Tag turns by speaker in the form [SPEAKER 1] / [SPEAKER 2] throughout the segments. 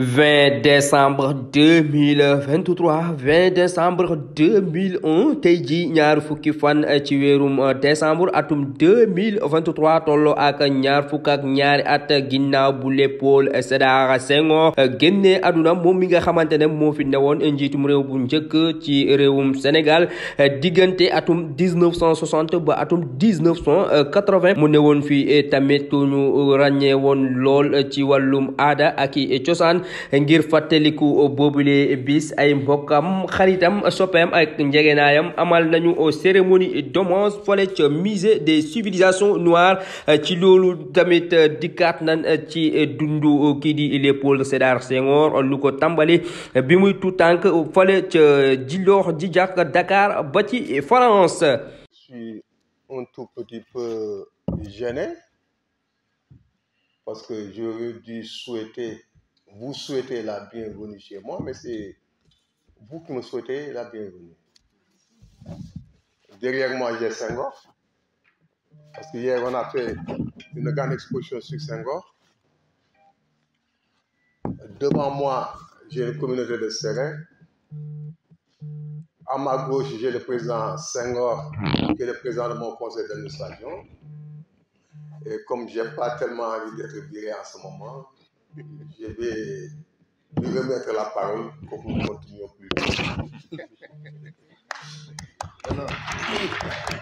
[SPEAKER 1] 20 décembre vingt 20 décembre 2001 tey ji ñaar fukki fan ci weerum décembre atum 2023 tolloo ak ñaar fukk ak ñaari at ginnaaw bu Léopold Sédar Senghor génnee àdduna moom mi nga xamante ne moo fi newoon njiitum réew bu njëkk ci réewum Sénégal diggante atum 1960 ba atum 1980 mu woon fi tamit ñu ràññee woon lool ci wàllum aada ak cosaan ngir fateliku bobule bis ay mbokam xaritam sopem ak njegenayam amal nañu cérémonie d'hommage fole ci musée des civilisations noires ci lolu tamit dikat nan ci dundu ki di l'épaule cedar Senghor lu ko tambali bi muy tout tànk fole ci Djilor Djidjack Dakar ba ci France. Je
[SPEAKER 2] suis un tout petit peu gêné parce que j'aurais dû souhaiter vous souhaitez la bienvenue chez moi, mais c'est vous qui me souhaitez la bienvenue.
[SPEAKER 3] Derrière moi, j'ai Senghor. Parce qu'hier, on a fait une grande exposition sur Senghor. Devant moi, j'ai une communauté de Serein. À ma gauche, j'ai le président Senghor, qui est le président de mon conseil d'administration. Et comme je n'ai pas tellement envie d'être viré en ce moment, je vais lui remettre la parole pour que nous continuions plus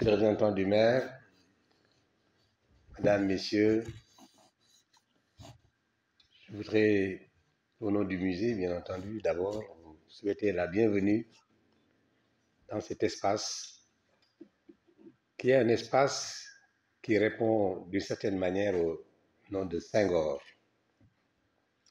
[SPEAKER 4] Président du maire, Madame, Messieurs, je voudrais, au nom du musée, bien entendu, d'abord vous souhaiter la bienvenue dans cet espace, qui est un espace qui répond d'une certaine manière au nom de saint gorge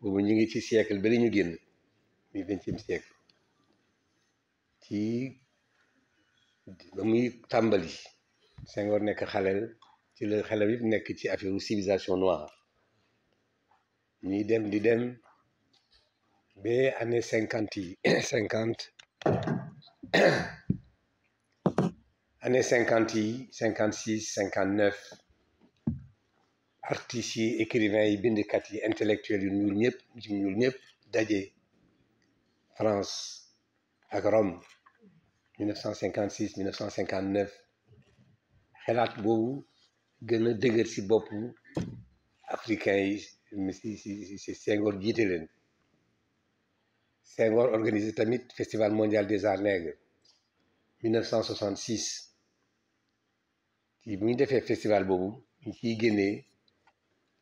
[SPEAKER 4] boobu ngi siècle ñu siècle ci ci civilisation noire ñuy dem di dem ba année cinquante yi année cinquante cinquante cinquante artistes yi écrivains yi intellectuels yu ñuul ñëpp yu ñuul France ak Rome 1956 1959 xelaat boobu gën a dëgër si boppu africains yi si si si Senghor jiite leen organisé tamit festival mondial des arts nègres 1966 ci bu ñu defee festival boobu ñu ciy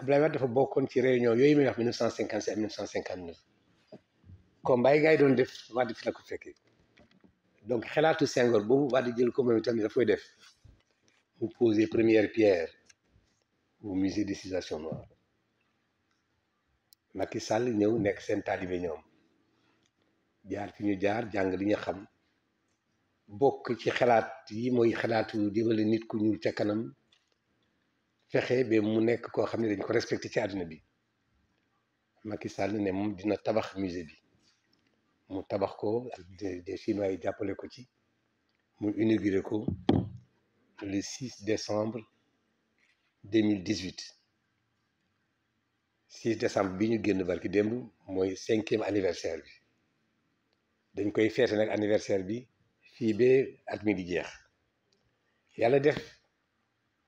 [SPEAKER 4] Abdoulaye Wade dafa bokkoon ci réunion yooyu muy wax 1957 1959 comme Baye gars yi doon def Wade fi la ko fekkee donc xalaatu Senghor boobu Wade jël ko moom itam dafay def mu poser première pierre au musée des Civilisations noires Macky Sall ñëw nekk seen taalibe ñoom jaar fi ñu jaar jàng li ñu xam bokk ci xalaat yi mooy xalaatu jëmale nit ku ñuul ca kanam fexe ba mu nekk koo xam ne dañ ko respecté ci àdduna bi Macky Sall ne moom dina tabax musée bi mu tabax ko ak des chinois yi jàppale ko ci mu inauguré ko le 6 décembre 2018 6 décembre bi ñu génn barki démb mooy cinquième anniversaire bi dañ koy feete nag anniversaire bi fii ba at mi di jeex yàlla def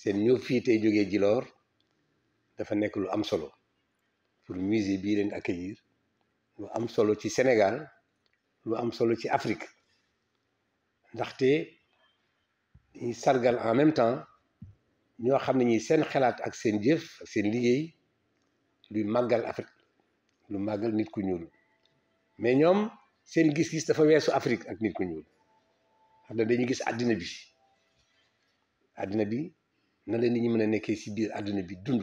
[SPEAKER 4] seen ñëw fii tey jógee Djilor dafa nekk lu am solo pour musée bii leen accueillir lu am solo ci Sénégal lu am solo ci Afrique ndaxte dañuy sargal en même temps ñoo xam ne ñi seen xalaat ak seen jëf ak seen liggéey luy màggal Afrique lu màggal nit ku ñuul mais ñoom seen gis-gis dafa weesu Afrique ak nit ku ñuul xam ne dañuy gis àddina bi àddina bi na leen nit ñu mën a nekkee si biir àdduna bi dund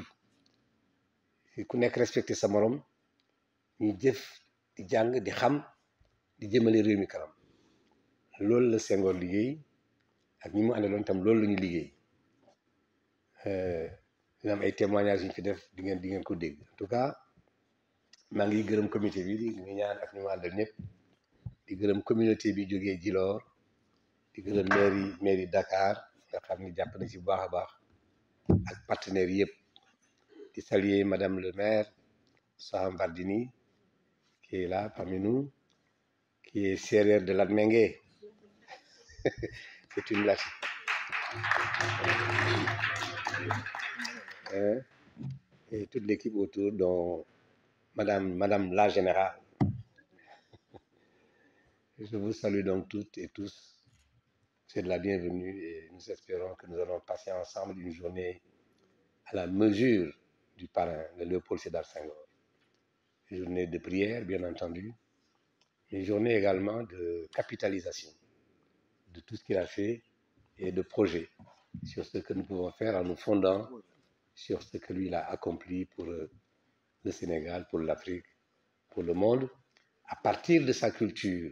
[SPEAKER 4] ku nekk respecté sa morom ñuy jëf di jàng di xam di jëmale réew mi kanam loolu la Senghor liggéey ak ñi mu àndaloon tam loolu la liggéey euh, dina am ay témoignages yu fi def di ngeen di ngeen ko dégg en maa ngi gërëm comité bi di ñaan ak ñëpp di gërëm communauté bi jógee Djilor di gërëm mairie mairie Dakar nga xam ni jàpp na si bu baax a baax. Avec partenaires saluer madame le maire Soham Bardini, qui est là parmi nous qui est sérère de l'Admengue. c'est une blague hein? et toute l'équipe autour dont madame madame la générale je vous salue donc toutes et tous c'est de la bienvenue et nous espérons que nous allons passer ensemble une journée à la mesure du parrain de Léopold Sédar Senghor. Une journée de prière, bien entendu, une journée également de capitalisation de tout ce qu'il a fait et de projet sur ce que nous pouvons faire en nous fondant sur ce que lui il a accompli pour euh, le Sénégal, pour l'Afrique, pour le monde, à partir de sa culture,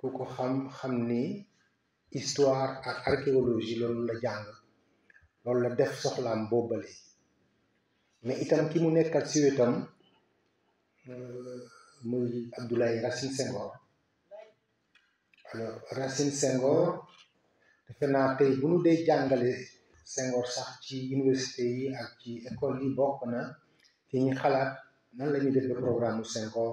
[SPEAKER 5] ku ko xam xam ni histoire ak archéologie loolu la jàng loolu la def soxlaam boobale mais itam ki mu nekkal si wetam euh, muy abdoulaye racine sengor alors racine sengor defe naa tey bu nu dee jàngale sengor sax ci université yi ak ci école yi bokk na ci ñi xalaat nan la ñuy le programme sengor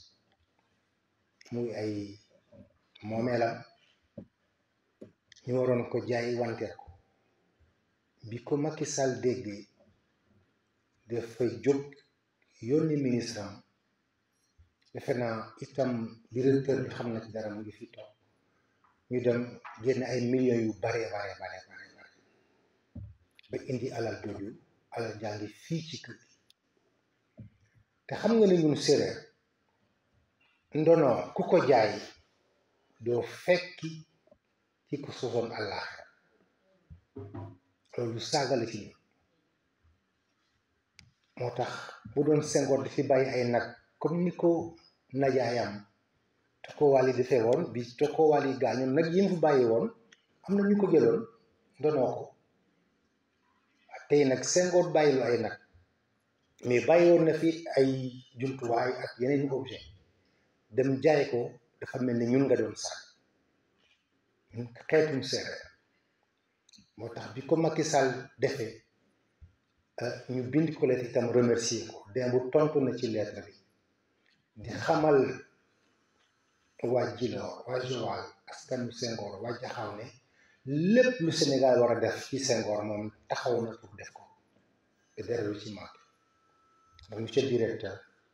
[SPEAKER 5] muy ay moomeelam ñu waroon ko jaay wanteer ko bi ko Macky Sall déggee dafa jóg yónni ministre am defe naa itam directeur xam na ci dara mu ngi fi toog ñu dem génn ay million yu bare bare bare bare bare ba indi alal jooju alal jaa fii ci kër gi te xam nga ne ñun séeréer ndono ku ko jaay doo fekki ci ko sosoon allah loolu saaga la ci moo tax bu doon sengoor di fi bàyyi ay nag comme ni ko najaayam tokkowaal yi defee woon bi tokkowaal yi gaañoon nag yi mu fi bàyyi woon am na ñu ko jëloon ndonoo ko tey nag sengoor bàyyilu ay nag mais bàyyi woon na fi ay jumtuwaay ak yeneen objet dem jaay ko dafa mel ni ñun nga doon sànni hmm? xeetu xeetum séeréer moo tax bi ko mag Macky Sall defee euh, ñu bind ko la itam remercier ko démb tontu na ci lettre bi di xamal waa Djilor waa Joal askanu Senghor waa Jaxaw ne lépp lu Sénégal war a def ci Senghor moom taxaw na pour def ko te dara ci manqué donc monsieur directeur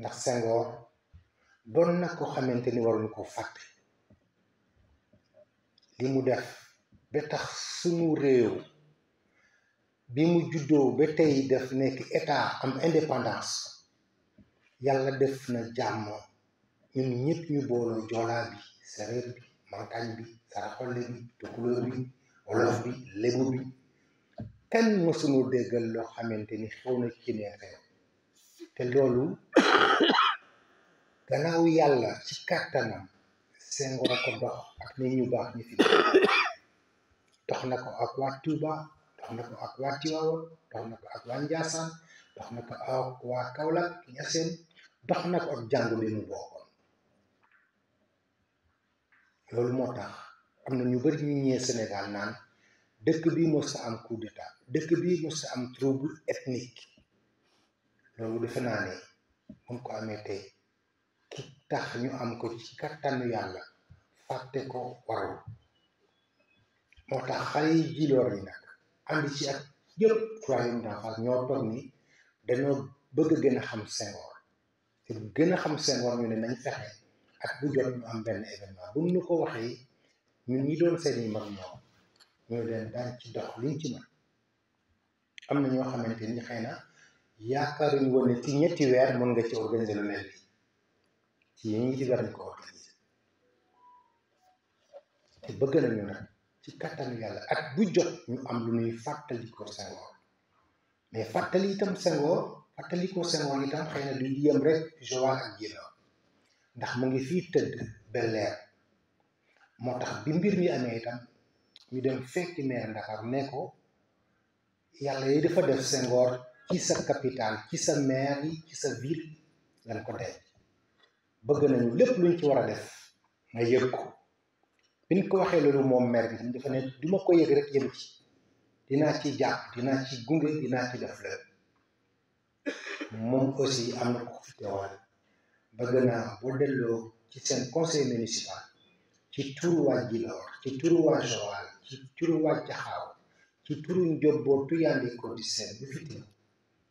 [SPEAKER 5] ndax Senghor doon nag ko xamante ni waruñu ko fàtte li mu def ba tax sunu réew bi mu juddoo ba tey def nekk état am indépendance yàlla def na jàmm ñun ñëpp ñu booloo joolaa bi séréer bi mankañ bi saraxolle bi tukulóor bi wolof bi lébu bi kenn mësuñu déggal loo xamante ni xew na ci neen réew te loolu gannaaw yàlla ci kàttanam Senghor ko dox ak nit ñu baax ñu fi dox na ko ak waa Touba dox na ko ak waa Tiwaawan dox na ko ak waa Njaasaan dox na ko ak waa Kaolack Ñaseen dox na ko ak jàng bi mu loolu moo tax am na ñu bari ñu ñëwee Sénégal naan dëkk bi mos sa am coup d'état dëkk bi mos am trouble ethnique loolu defe naa ne buñ ko amee tey ki tax ñu am ko ci kattanu yàlla fàtte ko waral moo tax xale yi jiloor yi nag ànd ci ak yëpp troisième d'enfance ñoo ni dañoo bëgg gën xam Senghor gën a xam Senghor ñu ne nañ fexe ak bu jot ñu am benn événement bu ñu ko waxee ñun ñi doon seeni mag ñoom ñu leen daan ci dox liñ ci mën am na ñoo xamante ni xëy na yaakaar yi wone ci ñetti weer mën nga ci organiser lu mel ni ci yi ñi ci war ko organiser te bëgg nañu nag ci kattan yàlla ak bu jot ñu am lu ñuy fàttali ko Senghor mais fàttali itam sengoor fàttali ko Senghor itam xëy na du yem rek Joal ak Djilor ndax mu ngi fii tëdd belleer moo tax bi mbir mi amee itam ñu dem fekki maire Ndakaaru ne ko yàlla yi dafa def sengoor ci sa capitale ci sa maire yi ci sa ville lañ ko denc bëgg nañu lépp luñ ci war a def nga yëg ko biñ ko waxee loolu moom maire bi dafa ne du ma ko yëg rek yëm ci dinaa ci jàpp dinaa ci gunge dinaa ci def lépp moom aussi am na ko fi teewal bëgg naa boo delloo ci seen conseil municipal ci turu waa Djilor ci turu waa Joal ci turu waa Jaxaaw ci turu Njoboor Tuyande ko di seen bu fi teew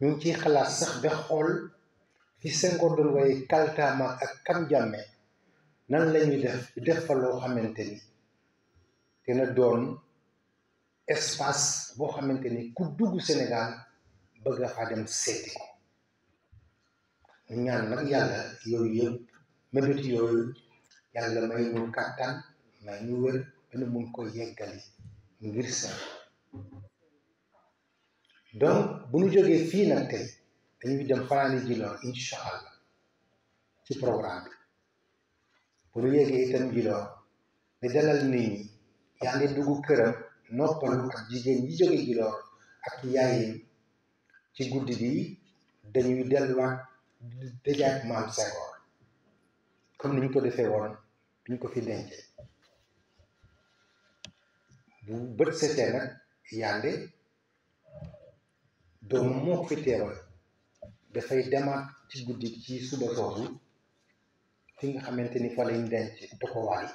[SPEAKER 5] ñu ngi ciy xalaat sax ba xool fi Senghor doon waaye kaltaama ak kam jàmme nan lañuy ñuy def def fa loo xamante ni dina doon espace boo xamante ni ku dugg senegaal bëgg a faa dem seeti ko ñu ñaan nag yàlla yooyu yëpp mébét yooyu yàlla may ñu kàttan may ñu wér ba nu mun ko yeggali ngir seen donc bu ñu jógee fii nag tey dañuy dem fanaani Djilor incha allah ci programme bi bu ñu yéegee itam Djilor di dalal nit ñi yaa ngi këram noppalu ak jigéen yi jóge Djilor ak yaayam ci guddi bi dañuy delluwaat dëjaat maam Senghor comme ni ñu ko defee woon bi ñu ko fi dencee bu bët setee nag yande doom moo ko fi teewal dafay demaat ci guddi ci suba soosu fi nga xamante ni fa lañ denc doxuwaay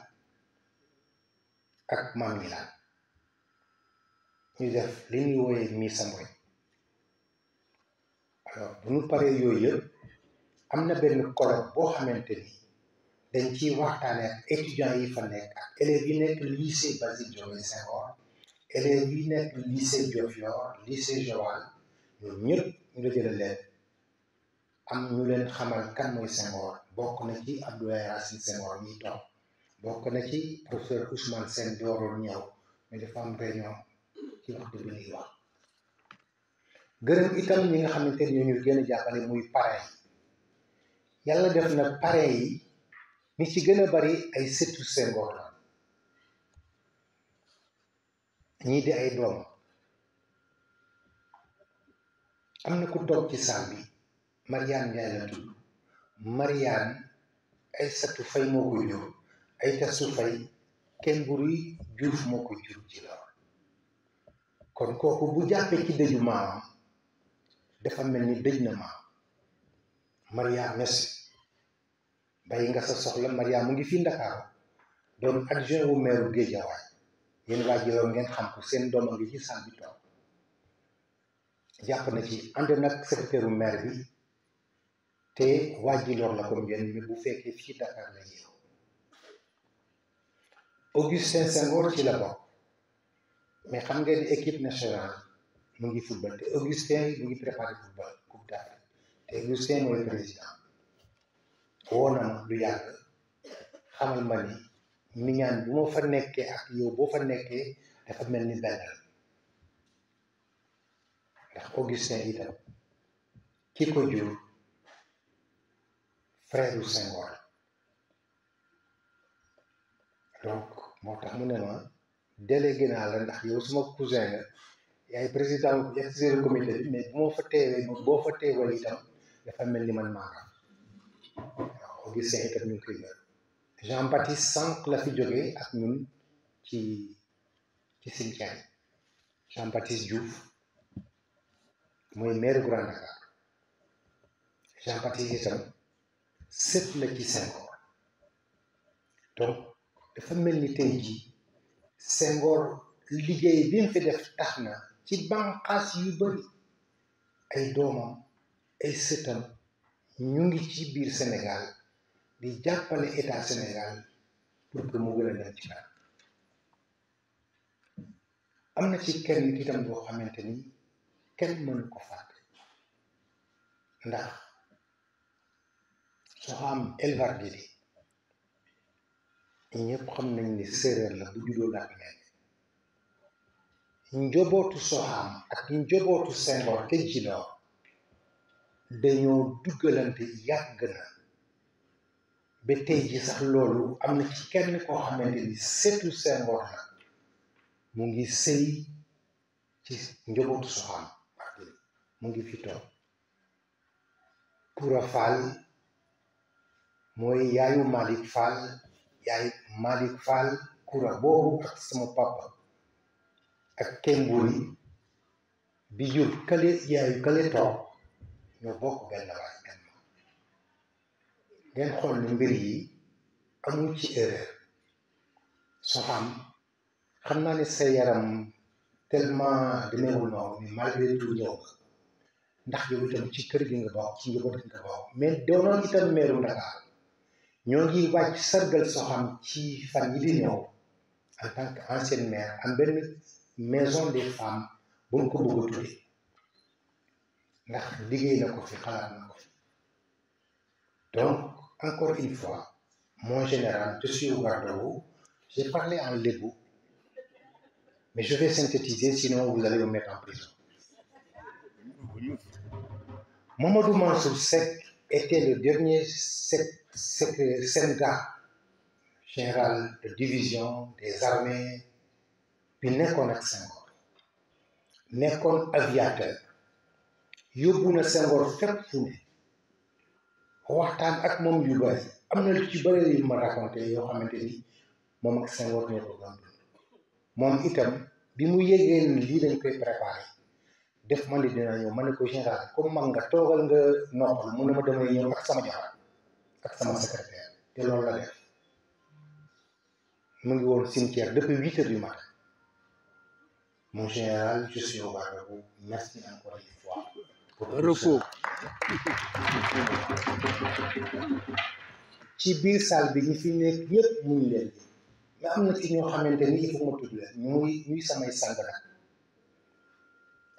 [SPEAKER 5] ak mam yi laal ñu def li ñuy wooyee misa mooy alors bu ñu paree yooyu yëpp am na benn colloque boo xamante ni dañ ciy waxtaane ak étudiants yi fa nekk ak élèves yi nekk lycée Basile Diomaye Senghor élèves yi nekk lycée Diofior lycée Joal ñoom ñëpp ñu dajale leen am ñu leen xamal kan mooy Senghor bokk na ci Abdoulaye Racine Senghor ñiy toog bokk na ci professeur Ousmane Sène dooroon ñëw mais dafa am réunion ci waxtu bi ñuy wax gërëm itam ñi nga xamante ni ñu gën a jàppale muy parrain yi yàlla def na parrain yi ñi ci gën a bari ay sëtu Senghor la ñii de ay doom amna ku tok ci saal bi Mariane Ndiaye la ay satu fay moo ko jur ay su fay ken buruy juuf moo ko jur ci la kon ko bu jappé ci deju ma dafa melni ni na maam Mariane messi bay nga sa soxla Maria mu ngi fi dakar don adjoint wu maire yen yéen waji lo ngeen xam ko seen doom ngi ci bi jàpp na ci ànd nag secrétaire u maire bi te waa Djilor la comme yéen ñu bu fekkee fii Dakar la yeew Augustin Senghor ci la bokk mais xam ngeen équipe nationale mu ngi football te Augustin mu ngi préparé football coupe d'Afrique te Augustin mooy président woo lu yàgg xamal ma ni miñaan bu ma fa nekkee ak yow boo fa nekkee dafa mel ni benn Ogisseira, Kiko Diu, Fredo Senghor. donc moo tax mu ne ma délégué naa la ndax yow suma cousin nga yaay président exécutif comité bi mais bu ma fa teewee boo fa teewee itam dafa mel ni man maa nga waaw Augustin itam ñu ngi koy jël Jean Baptiste Sànq la fi jógee ak ñun ci ci cimetière Jean Baptiste Diouf mooy maire Grand Dakar Jean Baptiste itam sët la ci Senghor donc dafa mel ni tey jii Senghor liggéey bi mu fi def tax na ci banqaas yu bari ay doomam ay sëtam ñu ngi ci biir Sénégal di jàppale état Sénégal pour que mu gën a dem ci kanam am na ci kenn itam boo xamante ni kenn mënu ko fàtte ndax soxaam Elvardini ñëpp xam nañ ni séeréer la bu juddoo ak mel njobootu soxaam ak njobootu Senghor te Djilor dañoo duggalante yàgg na ba tey ji sax loolu am na ci kenn koo xamante ni seetu Senghor la mu ngi sëy ci njobootu soxaam mu ngi fi toog Koura Fall mooy yaayu malik Fall yaayu malik Fall kura boobu ak sama papa ak Kembouri bi jur kale yaayu kale toog ñoo bokk benn waay benn ngeen xool ni mbir yi amul ci erreur so xam xam naa ne sa yaram tellement demeewul noonu mais malgré tout ñëw ndax yow itam ci kër gi nga bokk ci njaboot gi nga bokk mais doonoon itam meeru Dakar ñoo ngi wàcc sargal soxam ci fan yi di ñëw en tant que ancienne maire am benn maison des femmes bu ko bëgg a tuddee ndax liggéey na ko fi xalaat na ko fi donc encore une fois mon général je suis au garde j'ai parlé en lebu mais je vais synthétiser sinon vous allez me mettre en prison Mamadou Mansour Sek était le dernier Sénégal, général de division des armées bi pas ak Senghor nekkoon aviateur yóbbu na Senghor fépp fu ak mom yu yu ma raconté Il ak Senghor itam bi def man dina ñëw man ko général ko man nga togal nga noppal mu ne ma damay ñëw ak sama jox ak sama secrétaire té loolu la def mu ngi woon cimetière depuis 8h du matin mon général je suis au garde merci encore une fois repos ci biir salle bi ñu fi nekk yépp mu ngi leen mais am na ci ñoo xamante ni il faut ma tudd leen muy ñuy samay sang nag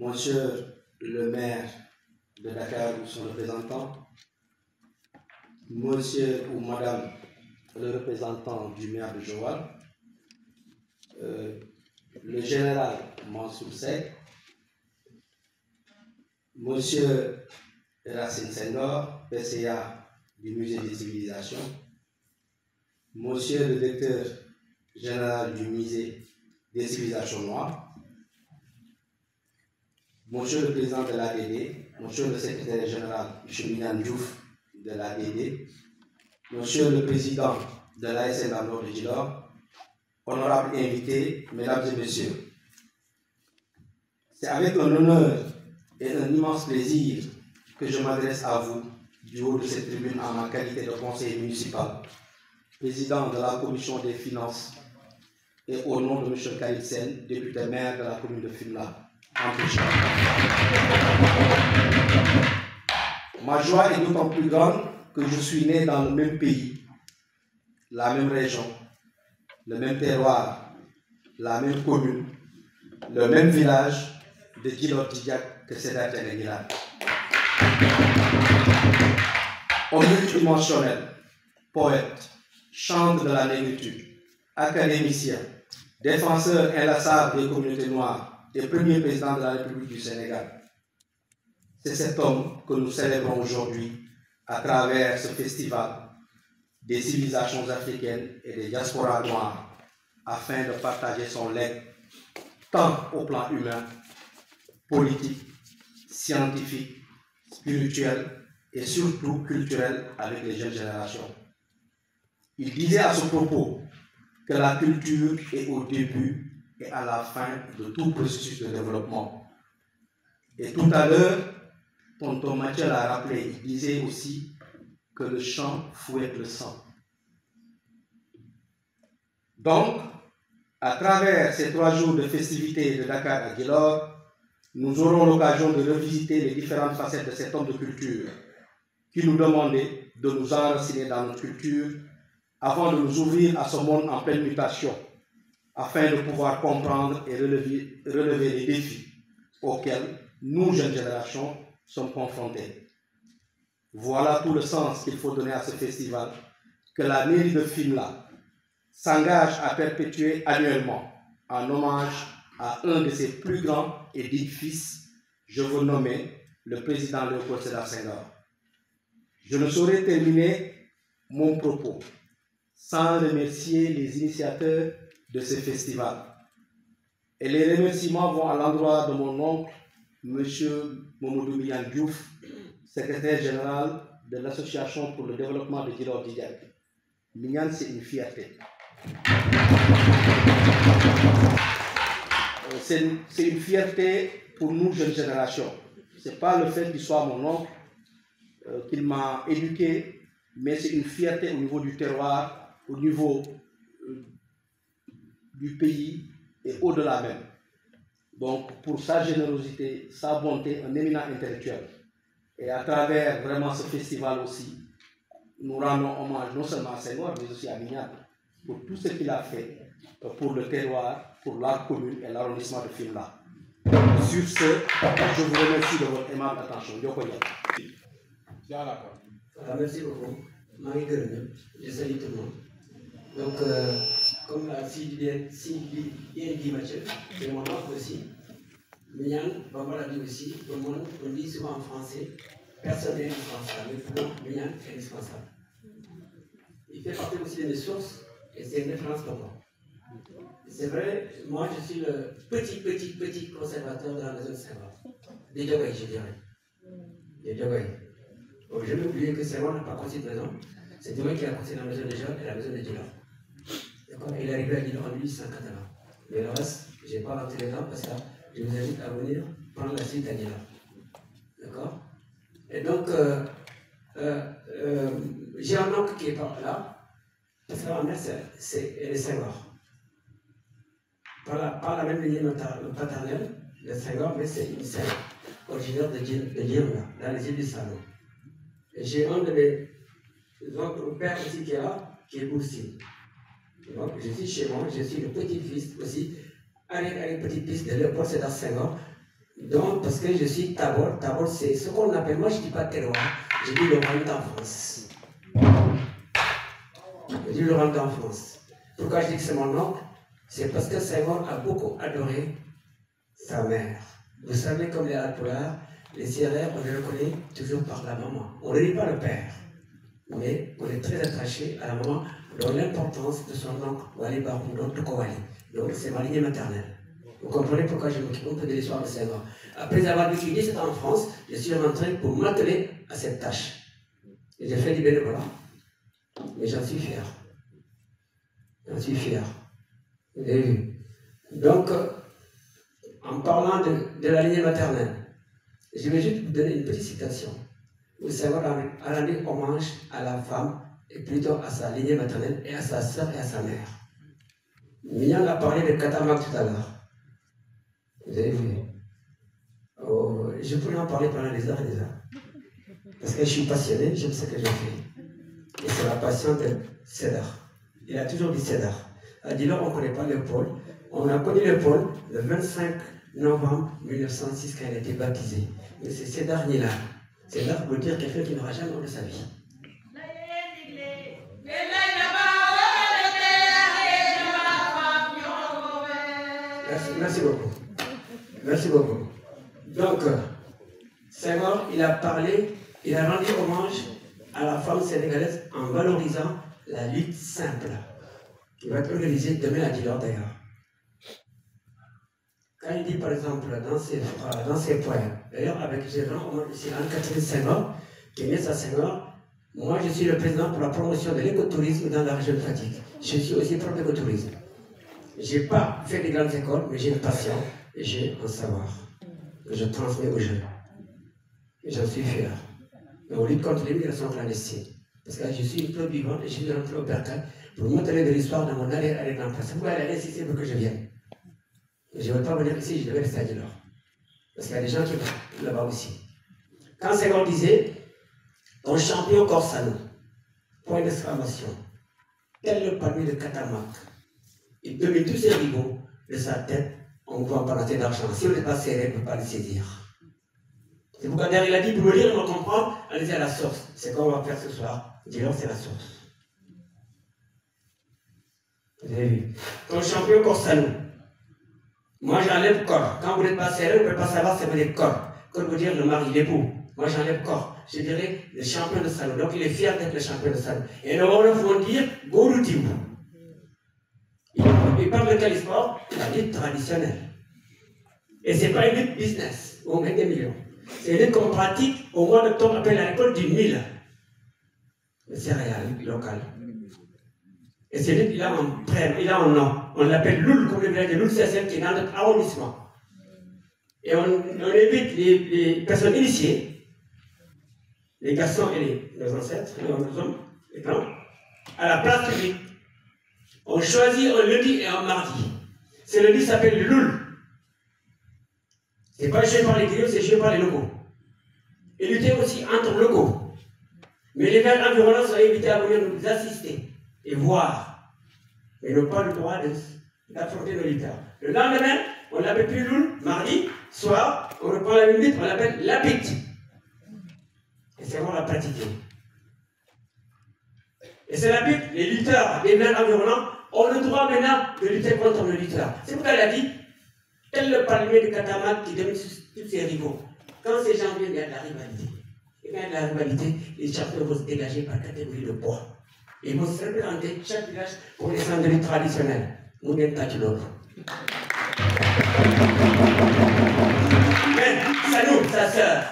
[SPEAKER 6] Monsieur le maire de Dakar ou son représentant, monsieur ou madame le représentant du maire de Joal, euh, le général Mansour monsieur Racine Senor, PCA du musée des civilisations, monsieur le directeur général du musée des civilisations noires, Monsieur le président de l'ADD, Monsieur le secrétaire général, M. Minan Diouf de l'ADD, Monsieur le président de l'ASN à de Gilor, honorables invités, mesdames et messieurs, c'est avec un honneur et un immense plaisir que je m'adresse à vous du haut de cette tribune en ma qualité de conseiller municipal, président de la commission des finances et au nom de M. Khalid député maire de la commune de Fimla. Ma joie est d'autant plus grande que je suis né dans le même pays, la même région, le même terroir, la même commune, le même village de Guillotidiac que c'est Tenenguila. Homme dimensionnel, poète, chanteur de la négritude, académicien, défenseur inlassable des communautés noires, le premier président de la République du Sénégal. C'est cet homme que nous célébrons aujourd'hui à travers ce festival des civilisations africaines et des diasporas noires afin de partager son legs tant au plan humain, politique, scientifique, spirituel et surtout culturel avec les jeunes générations. Il disait à ce propos que la culture est au début et à la fin de tout processus de développement. Et tout à l'heure, tonton Mathieu l'a rappelé, il disait aussi que le champ fouette le sang. Donc, à travers ces trois jours de festivités de Dakar à Guilor, nous aurons l'occasion de revisiter les différentes facettes de cet homme de culture qui nous demandait de nous enraciner dans notre culture avant de nous ouvrir à ce monde en pleine mutation afin de pouvoir comprendre et relever, les défis auxquels nous, jeunes générations, sommes confrontés. Voilà tout le sens qu'il faut donner à ce festival que l'année de de Fimla s'engage à perpétuer annuellement en hommage à un de ses plus grands et dignes fils, je vous nommer le président Léopold Sédar Senghor. Je ne saurais terminer mon propos sans remercier les initiateurs de ce festival. Et les remerciements vont à l'endroit de mon oncle, M. Momodou Mian Diouf, secrétaire général de l'Association pour le développement de Gilor Didiak. Mignan, c'est une fierté. Euh, c'est une fierté pour nous, jeunes générations. Ce n'est pas le fait qu'il soit mon oncle, euh, qu'il m'a éduqué, mais c'est une fierté au niveau du terroir, au niveau du pays et au-delà même. Donc, pour sa générosité, sa bonté, un éminent intellectuel. Et à travers vraiment ce festival aussi, nous rendons hommage non seulement à Senghor, mais aussi à Mignac, pour tout ce qu'il a fait pour le terroir, pour l'art commune et l'arrondissement de là Sur ce, je vous remercie de votre aimable attention.
[SPEAKER 7] Ah, merci beaucoup. marie je salue tout le monde. Donc, euh, comme a bien de dit Mathieu, c'est mon oncle aussi. Mian voir l'a dit aussi, tout le monde, on dit souvent en français, personne n'est indispensable, mais pour moi, Mian est indispensable. Il fait partie aussi de mes sources et c'est une référence pour moi. C'est vrai, moi je suis le petit, petit, petit conservateur de la maison de val Des Djawai, je dirais. Des Djawai. Oh, je vais oublier que saint n'a pas construit de maison. C'est moi qui a construit la maison des gens et la maison des jeunes. Il il arrivé à h lui, c'est catalan. Mais le reste, je n'ai pas rentré temps, parce que je vous invite à venir prendre la suite à Guidon. D'accord Et donc, euh, euh, euh, j'ai un oncle qui est par là. Parce que c'est, le est Pas la, même lignée paternelle, le Seigneur, mais c'est une sœur originaire de, de là dans les îles du Salon. Et j'ai un de mes oncles, père aussi qui est là, qui est Boussi je suis chez moi, je suis le petit-fils aussi, avec, avec petit-fils de Léopold Sédar Senghor. Donc, parce que je suis Tabor, Tabor c'est ce qu'on appelle, moi je ne dis pas terroir, je dis le rang d'enfance. Je dis le rang d'enfance. Pourquoi je dis que c'est mon nom C'est parce que Senghor a beaucoup adoré sa mère. Vous savez, comme les Alpolars, les CRR, on les reconnaît toujours par la maman. On ne dit pas le père, mais on est très attaché à la maman donc l'importance de son oncle Wali donc Donc c'est ma lignée maternelle. Vous comprenez pourquoi je m'occupe un peu de l'histoire de Sévres. Après avoir décidé cette en France, je suis rentré pour m'atteler à cette tâche. Et j'ai fait du bénévolat. Mais j'en suis fier. J'en suis fier. Vous avez vu. Donc, en parlant de, la lignée maternelle, je vais juste vous donner une petite citation. Vous savez, à on hommage à la femme et plutôt à sa lignée maternelle et à sa sœur et à sa mère. Mian a parlé de Katamak tout à l'heure. Vous avez vu hein. oh, Je pourrais en parler pendant des heures et des heures. Parce que je suis passionné, j'aime ce que je fais. Et c'est la passion de Cédar. Il a toujours dit Cédar. A dit là, on ne connaît pas le pôle. On a connu le pôle le 25 novembre 1906 quand il a été baptisé. Mais c'est Cédar là. Cédar veut dire quelqu'un qui n'aura jamais de sa vie. Merci, beaucoup. Merci beaucoup. Donc, euh, Senghor, il a parlé, il a rendu hommage à la femme sénégalaise en valorisant la lutte simple, qui va être organisée demain à 10h, d'ailleurs. Quand il dit par exemple dans ses, dans ses poèmes, d'ailleurs avec Gérard, ici Anne-Catherine Senghor, qui est née à Seigneur, moi je suis le président pour la promotion de l'écotourisme dans la région de Fatigue. Je suis aussi propre » Je n'ai pas fait des grandes écoles, mais j'ai une passion et j'ai un savoir que je transmets aux jeunes. Et j'en suis fier. Mais on lutte contre l'immigration clandestine. Parce que là, je suis une flotte vivante et je suis rentré au Bercail pour montrer de l'histoire dans mon aller à dans C'est Pourquoi elle a insisté pour que je vienne Je ne veux pas venir ici, je devais rester à Parce qu'il y a des gens qui vont là-bas aussi. Quand c'est qu'on disait, ton champion corsano, point d'exclamation, tel le parmi de catamarque. Il peut mettre tous ses rigots de sa tête, on voit pas palanquin d'argent. Si vous n'êtes pas serré, vous ne peut pas le saisir. C'est pourquoi derrière, il a dit, pour le lire et le comprendre, allez à la source. C'est quoi on va faire ce soir. Dis-leur, c'est la source. Vous avez vu Quand le champion salon. moi j'enlève corps. Quand vous n'êtes pas serré, vous ne pouvez pas savoir si vous êtes corps. Quand vous dire le mari, l'époux, moi j'enlève corps. Je dirais le champion de salon. Donc il est fier d'être le champion de salon. Et nos vont dire, Gouroutimou il parle de quel sport la lutte traditionnelle. Et ce n'est pas une lutte business où on gagne des millions. C'est une lutte qu'on pratique au mois d'octobre après la récolte du mille, le céréales local. Et c'est une lutte, il a un prêtre, il a un nom. On l'appelle Loul, comme le village de Loul celle qui est dans notre arrondissement. Et on, évite les, personnes initiées, les garçons et les, ancêtres, les hommes, les femmes, à la place publique. On choisit un lundi et un mardi. Ce lundi s'appelle Ce C'est pas joué par les griots, c'est joué par les locaux. Et lutter aussi entre locaux. Mais les maires environnants sont invités à venir nous assister et voir. Mais n'ont pas le droit d'affronter nos lutteurs. Le lendemain, on n'appelle plus loul mardi, soir, on reprend la limite, on l'appelle la l'apit. Et c'est bon la pratiquer. Et c'est la l'apit, les lutteurs, les maires environnants on a le droit maintenant de lutter contre le littoral. C'est pourquoi elle a dit, tel le palmier de Katamak qui domine tous ses rivaux. Quand ces gens viennent, il y a de la rivalité. Et quand il y a de la rivalité, les champions vont se dégager par catégorie de poids. ils vont se représenter chaque village pour les cendriers traditionnels. Nous n'aimons pas Mais Sanou, sa sœur,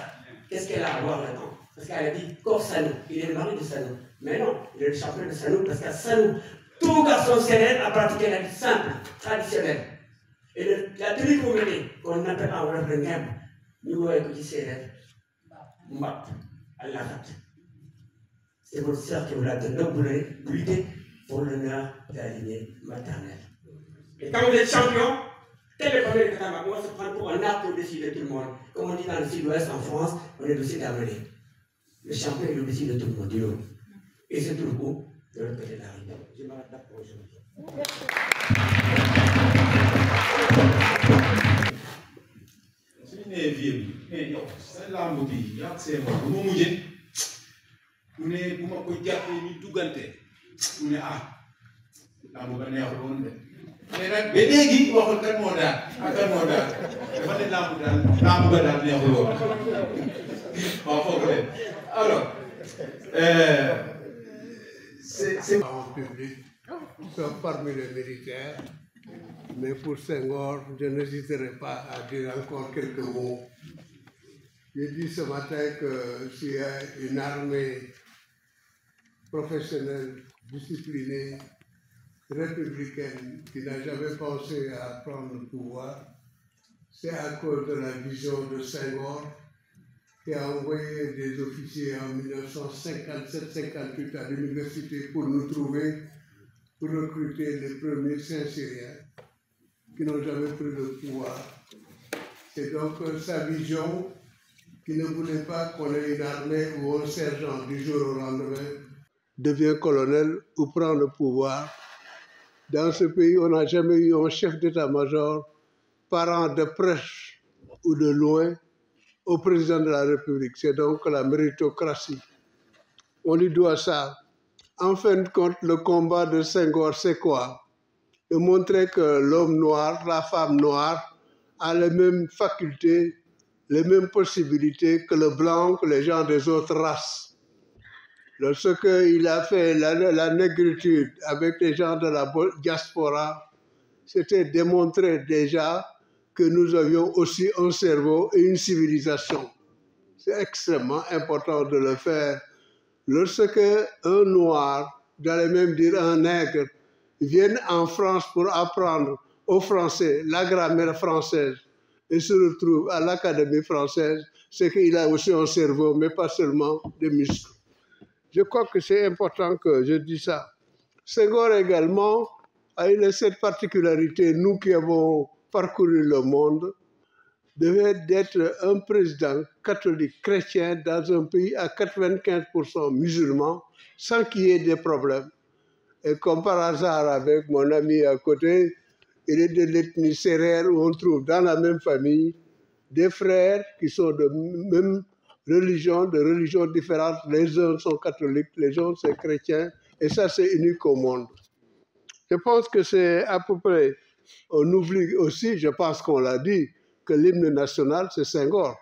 [SPEAKER 7] qu'est-ce qu'elle a à voir là-dedans Parce qu'elle a dit, corps Sanou, il est le mari de Sanou. Mais non, il est le champion de Sanou parce qu'à Sanou, tout garçon sérène a pratiqué la vie simple, traditionnelle. Et la tenue qu'on qu'on appelle en Wolof le Ngem, nous voyons que c'est sérène. Mbap, Allah C'est votre soeur qui vous l'a donné, vous l'avez guidé pour l'honneur de la lignée maternelle. Et quand vous êtes champion, tel est le de on va se prendre pour un arbre au-dessus de tout le monde. Comme on dit dans le sud-ouest en France, on est le dessus Le champion est au-dessus de tout le monde, et c'est tout le coup. de la rivière. Je m'adapte aujourd'hui.
[SPEAKER 3] suñu nee vieux bi mais yow sa làmb bi yàgg see ma bu ma mujjee mu ne bu ma ne ah làmb ba neexul woon de mais nag ba léegi waxul kan moo
[SPEAKER 4] daal ak ah, kan moo daal ne làmb daal làmb ba daal neexul woon
[SPEAKER 5] waaw foofu de euh, C'est en public,
[SPEAKER 2] parmi les militaires. Mais pour Senghor, je n'hésiterai pas à dire encore quelques mots. J'ai dit ce matin que s'il y a une armée professionnelle, disciplinée, républicaine, qui n'a jamais pensé à prendre le pouvoir, c'est à cause de la vision de Senghor qui a envoyé des officiers en 1957-58 à l'université pour nous trouver, pour recruter les premiers Saint-Syriens qui n'ont jamais pris le pouvoir. C'est donc euh, sa vision qui ne voulait pas qu'on ait une armée ou un sergent du jour au lendemain devient colonel ou prend le pouvoir. Dans ce pays, on n'a jamais eu un chef d'état-major, parent de près ou de loin, au président de la République. C'est donc la méritocratie. On lui doit ça. En fin de compte, le combat de Senghor, c'est quoi De montrer que l'homme noir, la femme noire, a les mêmes facultés, les mêmes possibilités que le blanc, que les gens des autres races. Lorsque il a fait la, négritude avec les gens de la diaspora, c'était démontrer déjà que nous avions aussi un cerveau et une civilisation. C'est extrêmement important de le faire. Lorsque un noir, j'allais même dire un nègre, vient en France pour apprendre au Français la grammaire française et se retrouve à l'Académie française, c'est qu'il a aussi un cerveau, mais pas seulement des muscles. Je crois que c'est important que je dise ça. Senghor également a eu cette particularité, nous qui avons parcouru le monde devait d'être un président catholique chrétien dans un pays à 95% musulman sans qu'il y ait des problèmes. Et comme par hasard avec mon ami à côté, il est de l'ethnie sérère où on trouve dans la même famille des frères qui sont de même religion, de religions différentes. Les uns sont catholiques, les autres sont chrétiens. Et ça, c'est unique au monde. Je pense que c'est à peu près on oublie aussi, je pense qu'on l'a dit, que l'hymne national, c'est Senghor.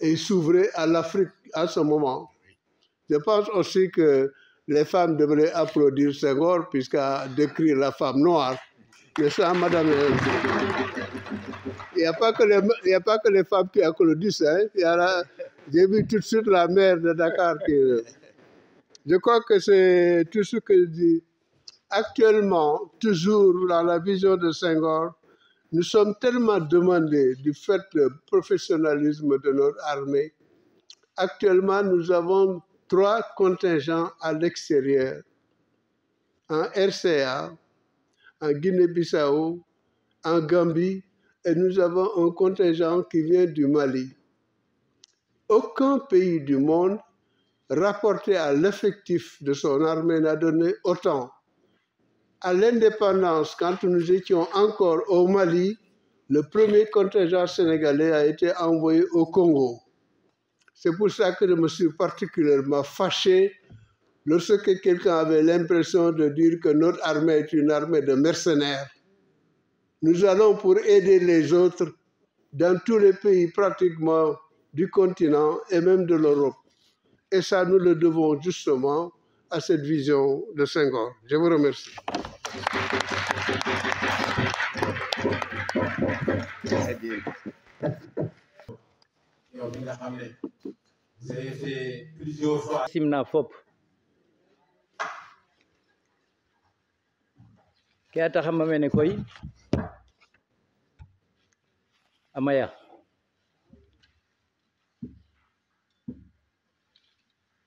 [SPEAKER 2] Et il s'ouvrait à l'Afrique à ce moment. Je pense aussi que les femmes devraient applaudir Senghor puisqu'à décrire la femme noire. Et ça, madame... Il n'y a, pas que les, il a pas que les femmes qui applaudissent. Hein. J'ai vu tout de suite la mère de Dakar qui... Je crois que c'est tout ce que dit Actuellement, toujours dans la vision de saint Senghor, nous sommes tellement demandés du fait du professionnalisme de notre armée. Actuellement, nous avons trois contingents à l'extérieur, en RCA, en Guinée-Bissau, en Gambie, et nous avons un contingent qui vient du Mali. Aucun pays du monde rapporté à l'effectif de son armée n'a donné autant à l'indépendance, quand nous étions encore au Mali, le premier contingent sénégalais a été envoyé au Congo. C'est pour ça que je me suis particulièrement fâché lorsque quelqu'un avait l'impression de dire que notre armée est une armée de mercenaires. Nous allons pour aider les autres dans tous les pays pratiquement du continent et même de l'Europe. Et ça, nous le devons justement à cette vision de Senghor. Je vous remercie.
[SPEAKER 8] Vous avez fait plusieurs fois. Simna Fop. Qu'est-ce que vous avez Amaya.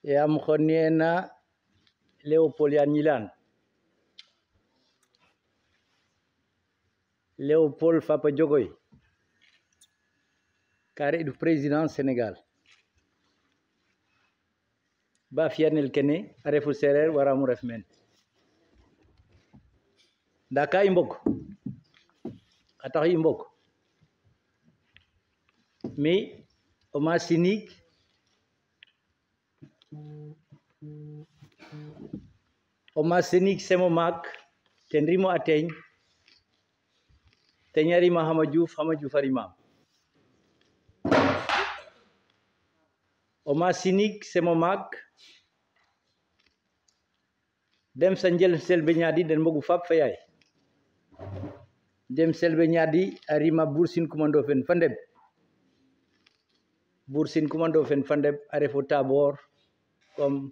[SPEAKER 8] Et je suis Léopolia Nilan. Léopold Fapa carré du président Sénégal. Bafiane Elkene, kene Serer, Waramou sereer waramu Imbok, meen Imbok, O sini sinik semo mak ten rimo ten yari ma hama juuf hama juufarimam o ma sinik semo mak dem sanjel sel selbe den mogu fap fayay dem selbenyadi arima bursin komando fen fandeb bursin komando fen fandeb arefo tabor kom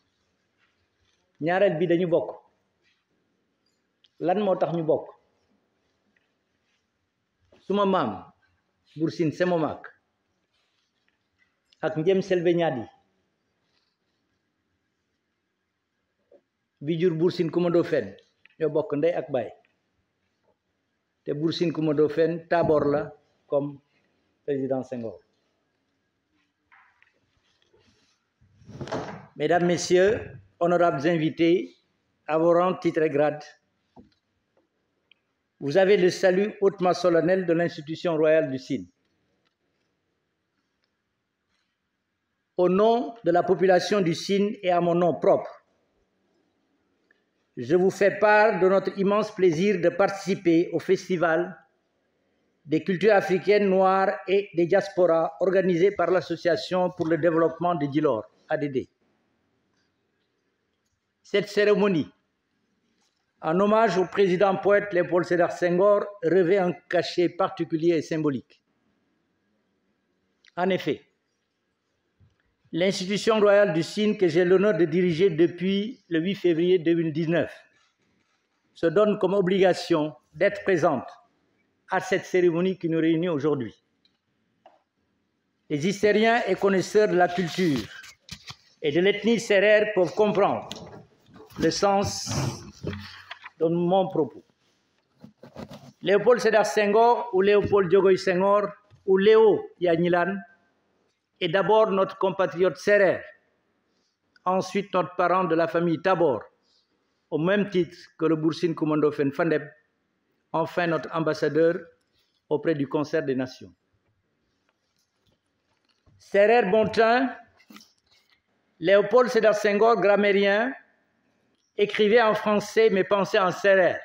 [SPEAKER 8] ñaareel bi dañu bokk lan moo tax ñu bokk suma maam Buur Siin Semo Maak ak Njem Selbe Ñaadi bi jur Buur Siin Kumandoo Fen ñoo bokk ndey ak baay te Buur Siin Kumandoo Fen taaboor la comme président Senghor mesdames messieurs honorables invités, à vos rangs, titres et grades, vous avez le salut hautement solennel de l'institution royale du Sine. Au nom de la population du Sine et à mon nom propre, je vous fais part de notre immense plaisir de participer au festival des cultures africaines noires et des diasporas organisé par l'Association pour le développement de Dilor, ADD cette cérémonie, en hommage au président poète Léopold Sédar Senghor, revêt un cachet particulier et symbolique. En effet, l'institution royale du Sine que j'ai l'honneur de diriger depuis le 8 février 2019 se donne comme obligation d'être présente à cette cérémonie qui nous réunit aujourd'hui. Les historiens et connaisseurs de la culture et de l'ethnie sérère peuvent comprendre le sens de mon propos. Léopold Sédar Senghor ou Léopold Diogoy Senghor ou Léo Yagnilan est d'abord notre compatriote Serrer, ensuite notre parent de la famille Tabor, au même titre que le Boursine Koumando Fandeb, enfin notre ambassadeur auprès du Concert des Nations. Serrer Bontin, Léopold Sédar Senghor, grammairien, écrivait en français mais pensait en serrère.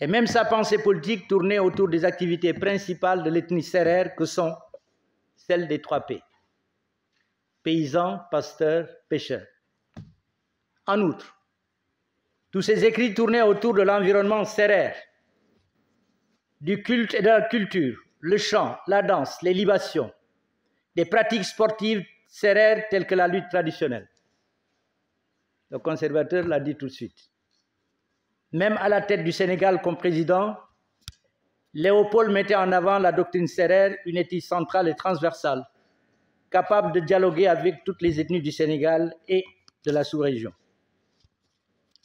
[SPEAKER 8] Et même sa pensée politique tournait autour des activités principales de l'ethnie serrère que sont celles des trois P. Paysans, pasteurs, pêcheurs. En outre, tous ses écrits tournaient autour de l'environnement serrère, du culte et de la culture, le chant, la danse, les libations, des pratiques sportives serrères telles que la lutte traditionnelle. Le conservateur l'a dit tout de suite. Même à la tête du Sénégal comme président, Léopold mettait en avant la doctrine serrère, une éthique centrale et transversale, capable de dialoguer avec toutes les ethnies du Sénégal et de la sous-région.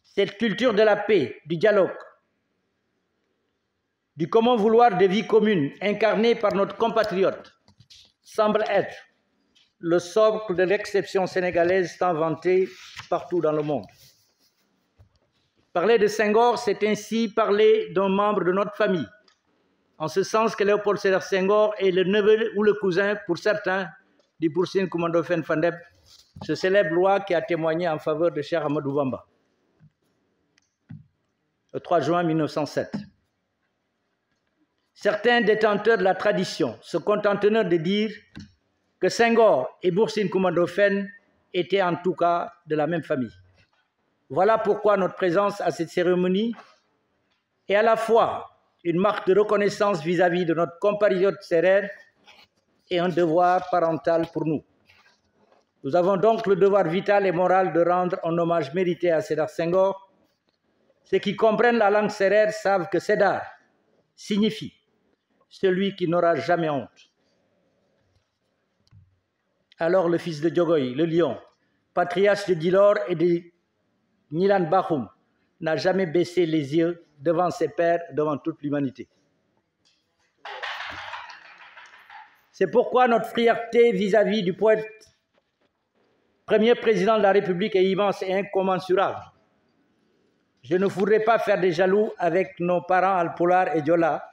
[SPEAKER 8] Cette culture de la paix, du dialogue, du comment vouloir des vies communes incarnée par notre compatriote semble être le socle de l'exception sénégalaise est inventé partout dans le monde. Parler de Senghor, c'est ainsi parler d'un membre de notre famille, en ce sens que Léopold Sédar Senghor est le neveu ou le cousin, pour certains, du Boursin Koumandofen Fandeb, ce célèbre loi qui a témoigné en faveur de Cheikh Hamadou le 3 juin 1907. Certains détenteurs de la tradition se contentent de dire que Senghor et Boursine Koumandofen étaient en tout cas de la même famille. Voilà pourquoi notre présence à cette cérémonie est à la fois une marque de reconnaissance vis-à-vis de notre compatriote sérère et un devoir parental pour nous. Nous avons donc le devoir vital et moral de rendre un hommage mérité à Sédar Senghor. Ceux qui comprennent la langue sérère savent que Sédar signifie celui qui n'aura jamais honte alors le fils de Djogoy, le lion, patriarche de Dilor et de Nilan Bahum, n'a jamais baissé les yeux devant ses pères, devant toute l'humanité. C'est pourquoi notre fierté vis-à-vis du poète, premier président de la République, est immense et incommensurable. Je ne voudrais pas faire des jaloux avec nos parents Alpolar et Diola,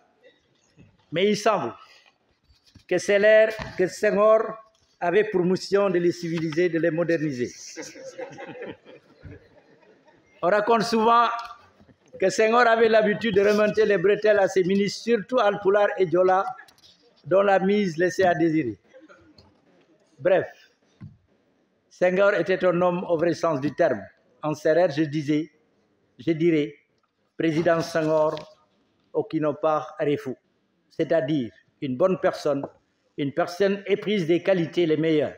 [SPEAKER 8] mais il semble que c'est l'air que Senghor, avait pour mission de les civiliser, de les moderniser. On raconte souvent que Senghor avait l'habitude de remonter les bretelles à ses ministres, surtout al Alpoular et Diola, dont la mise laissait à désirer. Bref, Senghor était un homme au vrai sens du terme. En serrère, je disais, je dirais, président Senghor, okinopar, Arefou, c'est-à-dire une bonne personne une personne éprise des qualités les meilleures.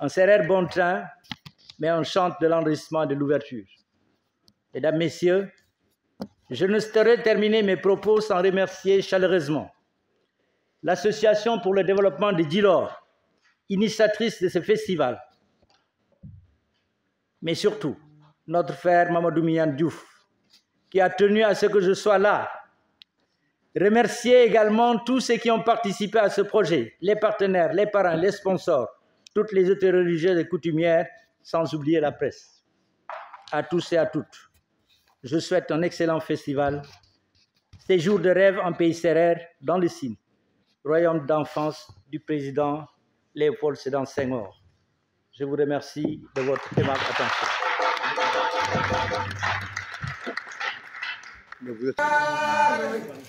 [SPEAKER 8] On serre bon train, mais on chante de l'enrichissement de l'ouverture. Mesdames, Messieurs, je ne saurais terminer mes propos sans remercier chaleureusement l'Association pour le développement de Dilor, initiatrice de ce festival, mais surtout notre frère Mamadou Mian Diouf, qui a tenu à ce que je sois là Remercier également tous ceux qui ont participé à ce projet, les partenaires, les parents, les sponsors, toutes les autorités religieuses et coutumières, sans oublier la presse. À tous et à toutes, je souhaite un excellent festival, séjour de rêve en pays serrère, dans le signe, royaume d'enfance du président Léopold Sédan Senghor. Je vous remercie de votre aimable
[SPEAKER 2] attention.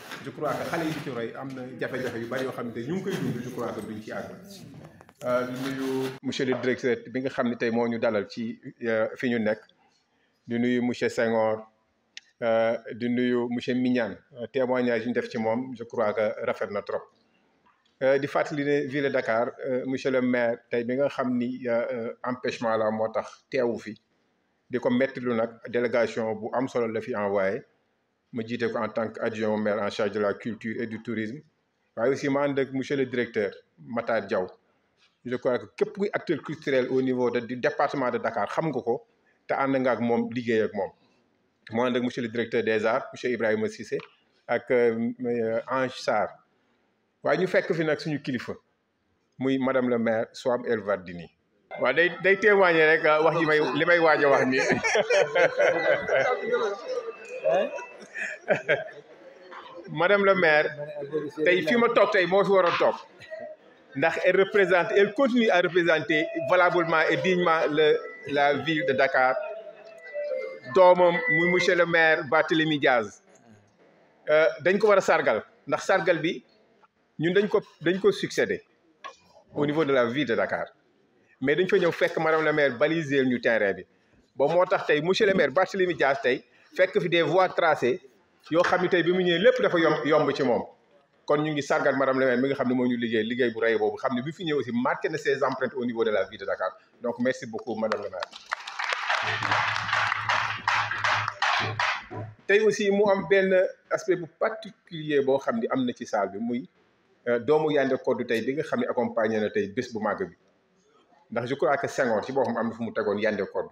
[SPEAKER 3] je crois que xale yi ci roy am na jafe-jafe yu bari yoo xam ne ñu ngi koy dund je crois que duñ ci àgg. Euh, di nuyu monsieur le directeur bi nga xam ne tey moo ñu dalal ci euh, fi ñu nekk di nuyu monsieur Senghor euh, di nuyu monsieur Mignane témoignage yi ñu def ci moom je crois que rafet na trop. di fàttali ne ville de Dakar monsieur le maire tey bi nga xam ni empêchement la moo tax teewu fi di ko méttilu nag délégation bu am solo la fi envoyé me dit ko en tant qu'adjoint au maire en charge de la culture et du tourisme Je aussi ma monsieur le directeur Matar Diaw je crois que tout kuy acteur culturel au niveau du département de Dakar xam le ko te ànd nga ak moom je ak avec monsieur le directeur des arts monsieur Ibrahima Cissé ak euh, Ange Sarr Nous ñu fekk fi nous suñu kilifa muy madame le maire Soham El Vardini. Je day day témoigner rek euh, wax ji may madame la maire
[SPEAKER 5] tay fi ma tok tay
[SPEAKER 3] mo fi waroon tok. ndax elle représente elle continue à représenter valablement et dignement le la ville de Dakar Domam muy monsieur le maire Barthélémy Diaz euh, dañ ko wara sargal ndax sargal bi ñun dañ ko dañ ko succéder au niveau de la ville de Dakar mais dañ fa ñëw fekk madame la maire baliser ñu terrain bi ba motax tay monsieur le maire Barthélémy Diaz tay fekk fi des voies tracées yoo xam ne tey bi mu ñëwee lépp dafa yomb yomb ci moom kon ñu ngi sargal madame le maire mi nga xam ne moo ñu liggéey liggéey bu rëy boobu xam ne bi fi ñëwee aussi marqué na ses empreintes au niveau de la vie de Dakar donc merci beaucoup madame le maire tey aussi mu am benn aspect bu particulier boo xam ne am na ci salle bi muy euh, doomu Yandé Codou tey bi nga xam ne accompagné na tey bés bu màgg bi ndax je crois que Senghor ci boppam am na fu mu tegoon Yandé Codou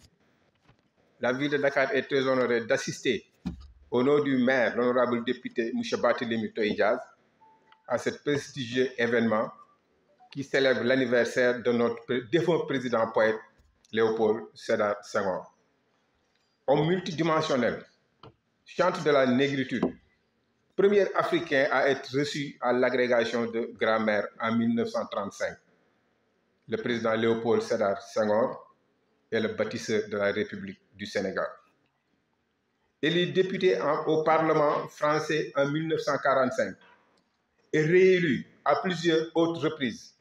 [SPEAKER 3] la ville de Dakar est très honorée d'assister au nom du maire, l'honorable député Mouchabati Barthélémy Toïdjaz, à ce prestigieux événement qui célèbre l'anniversaire de notre défunt président poète Léopold Sédar Senghor. Homme multidimensionnel, chante de la négritude, premier Africain à être reçu à l'agrégation de grammaire en 1935. Le président Léopold Sédar Senghor et le bâtisseur de la République du Sénégal. Élu député au Parlement français en 1945 et réélu à plusieurs autres reprises,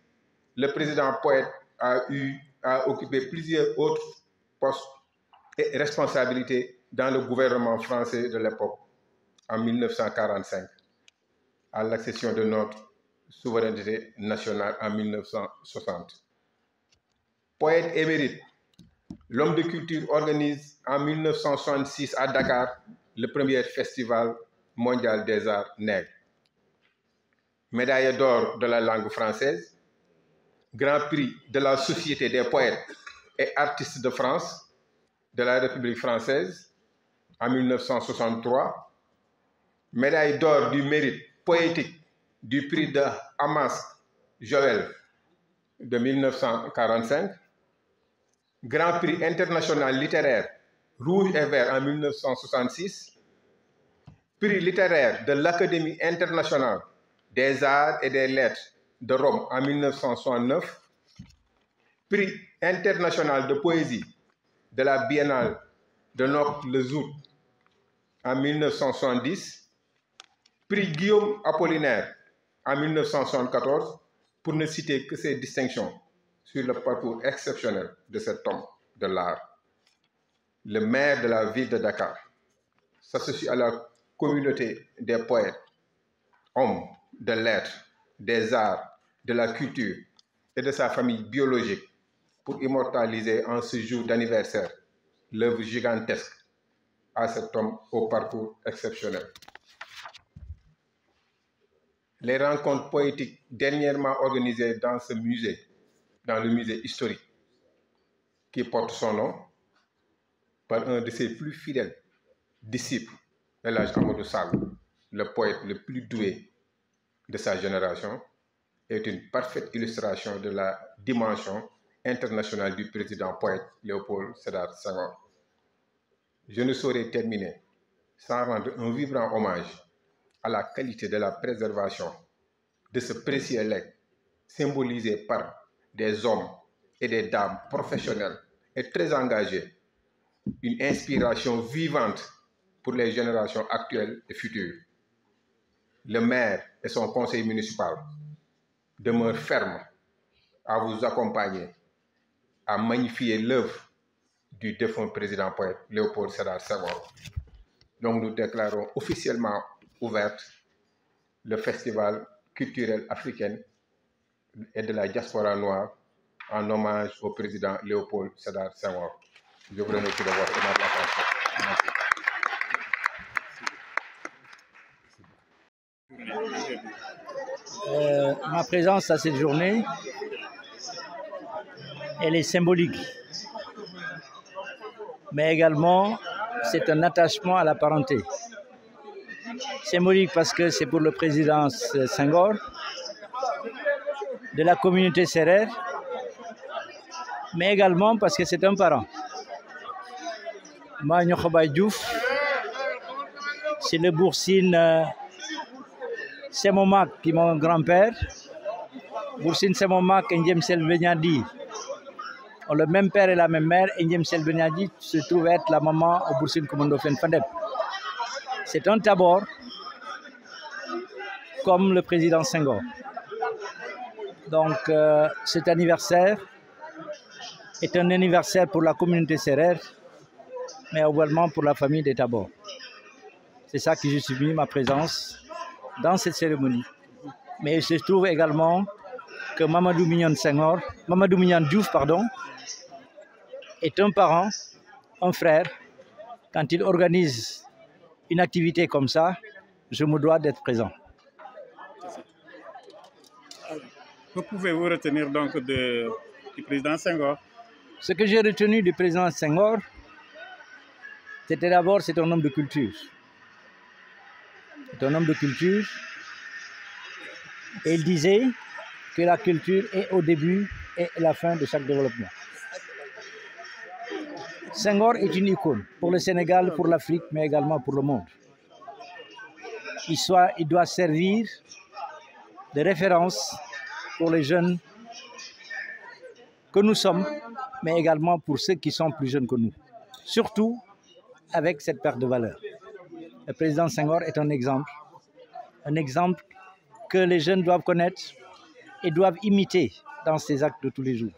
[SPEAKER 3] le président Poète a, eu, a occupé plusieurs autres postes et responsabilités dans le gouvernement français de l'époque en 1945 à l'accession de notre souveraineté nationale en 1960. Poète émérite, L'homme de culture organise en 1966 à Dakar le premier festival mondial des arts nègres. Médaille d'or de la langue française, Grand Prix de la Société des poètes et artistes de France de la République française en 1963, Médaille d'or du mérite poétique du prix de Hamas Joël de 1945, Grand Prix international littéraire rouge et vert en 1966, Prix littéraire de l'Académie internationale des arts et des lettres de Rome en 1969, Prix international de poésie de la Biennale de Nord-le-Zout en 1970, Prix Guillaume Apollinaire en 1974, pour ne citer que ces distinctions sur le parcours exceptionnel de cet homme de l'art. Le maire de la ville de Dakar s'associe à la communauté des poètes, hommes de lettres, des arts, de la culture et de sa famille biologique pour immortaliser en ce jour d'anniversaire l'œuvre gigantesque à cet homme au parcours exceptionnel. Les rencontres poétiques dernièrement organisées dans ce musée dans le musée historique qui porte son nom par un de ses plus fidèles disciples, l'âge Amadou le poète le plus doué de sa génération, est une parfaite illustration de la dimension internationale du président poète Léopold Sédar Senghor. Je ne saurais terminer sans rendre un vibrant hommage à la qualité de la préservation de ce précieux legs symbolisé par des hommes et des dames professionnels et très engagés, une inspiration vivante pour les générations actuelles et futures. Le maire et son conseil municipal demeurent fermes à vous accompagner, à magnifier l'œuvre du défunt président poète Léopold Sédar Senghor. Donc nous déclarons officiellement ouverte le festival culturel africain et de la diaspora noire en hommage au président Léopold Sadar Senghor. Je vous remercie de
[SPEAKER 8] votre attention. Euh, ma présence à cette journée, elle est symbolique, mais également c'est un attachement à la parenté. Symbolique parce que c'est pour le président Senghor, de la communauté serrère, mais également parce que c'est un parent. c'est le Boursine Semomak qui est mon grand-père. Boursine Semomak et ont le même père et la même mère. se trouve être la maman au Boursine Commando Fendep. C'est un tabord comme le président Senghor. Donc euh, cet anniversaire est un anniversaire pour la communauté serrère, mais également pour la famille des Tabors. C'est ça qui justifie ma présence dans cette cérémonie. Mais il se trouve également que Mamadou Mignon Senghor, Mamadou Mignon Diouf, pardon, est un parent, un frère. Quand il organise une activité comme ça, je me dois d'être présent. Que pouvez-vous retenir donc du président Senghor Ce que j'ai retenu du président Senghor, c'était d'abord, c'est un homme de culture. C'est un homme de culture. Et il disait que la culture est au début et la fin de chaque développement. Senghor est une icône pour le Sénégal, pour l'Afrique, mais également pour le monde. il doit servir de référence pour les jeunes que nous sommes, mais également pour ceux qui sont plus jeunes que nous. Surtout avec cette perte de valeur. Le président Senghor est un exemple, un exemple que les jeunes doivent connaître et doivent imiter dans ses actes de tous les jours.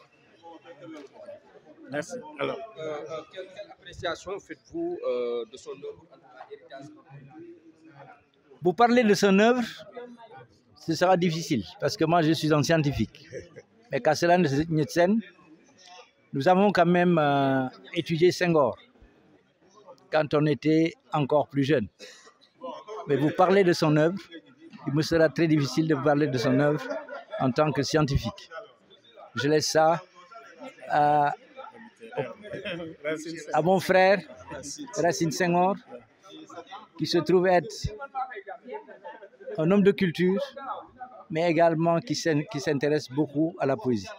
[SPEAKER 1] Merci. Alors, euh, euh, quelle, appréciation faites-vous euh, de son œuvre
[SPEAKER 8] Vous parlez de son œuvre ce sera difficile parce que moi je suis un scientifique. Mais Kasselan cela nous avons quand même euh, étudié Senghor quand on était encore plus jeune. Mais vous parlez de son œuvre, il me sera très difficile de vous parler de son œuvre en tant que scientifique. Je laisse ça
[SPEAKER 1] à, à mon frère Racine Senghor qui se trouve être un homme de culture,
[SPEAKER 8] mais également qui s'intéresse beaucoup à la poésie.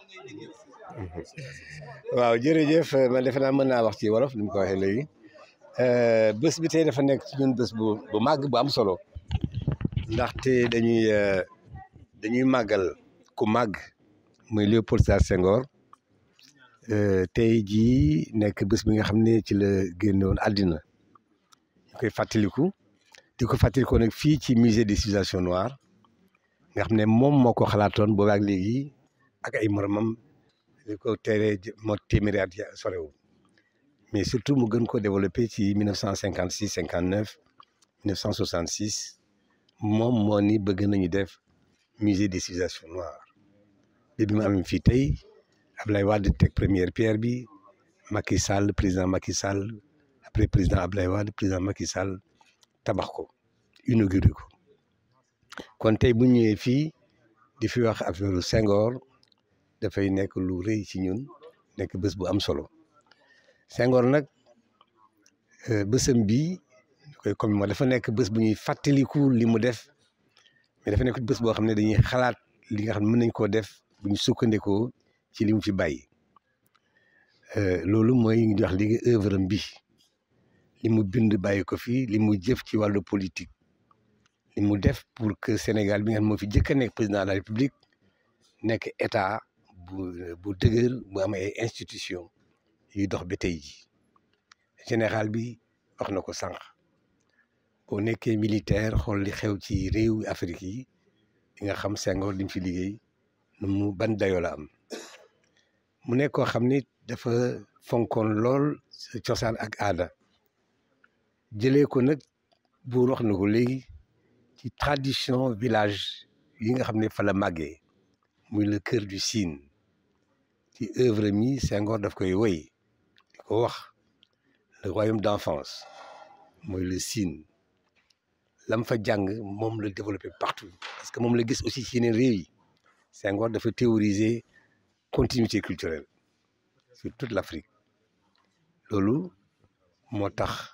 [SPEAKER 8] waaw jërëjëf euh, man defe naa mën naa wax ci wolof ni mu ko waxee
[SPEAKER 4] léegi euh, bés bi tey dafa nekk ci ñun bés bu bu màgg bu am solo ndaxte dañuy euh, dañuy màggal ku màgg muy Léopold sar Senghor tey jii nekk bés bi nga xam ne ci la génnoon àddina que fàttaliku di ko fàttalikoo nag fii ci musée des civilisations noires nga xam mom moko moo bo xalaatoon boobaak ak ay moromam li téré mo moo téeméeri at sorewul mais surtout mu gën ko développé ci 1956 59 1966 mom moni ni bëgg nañu def musée des civilisations noires bi ma am fi tay ablay Wade tek première pierre bi Macky Sall président Macky Sall après président Abdoulaye Wade président Macky Sall tabax ko inauguré ko kon tay bu ñëwé fi di fi wax affaire Senghor fay nekk lu reuy ci ñun nekk bëss bu am solo Senghor nek euh, bésam bii bi koy commémorer dafa nekk bëss bu ñuy fàttaliku li mu def mais dafa nekk bëss bo xamné dañuy xalaat li nga xamné mën def bu ñu sukkandikoo ci li mu fi euh lolu moy ñu di wax léegi œuvre bi limu bind bàyyi ko fi limu mu jëf ci walu politique limu def pour que Sénégal bi nga mo fi jëkk nek président de la République nek état bu bu deuguer bu am ay institution yi dox ba tay ji général bi wax na ko sànq boo militaire xol li xew ci réew Afrique yi nga xam Senghor li fi liggéey nu mu ban dayoo la am mu nekk koo xam ni dafa fonkoon lool cosaan ak aada je ko nak bour wax nako ko ci tradition village yi nga xamné fa la màggee muy le cœur du signe. ci œuvre mi c'est daf koy woy wax le royaume d'enfance mooy le signe. lam fa jang mom la développé partout parce que mom la gis aussi ci yeneen réew yi Senghor dafa théoriser continuité culturelle sur toute l'Afrique Lolo, motax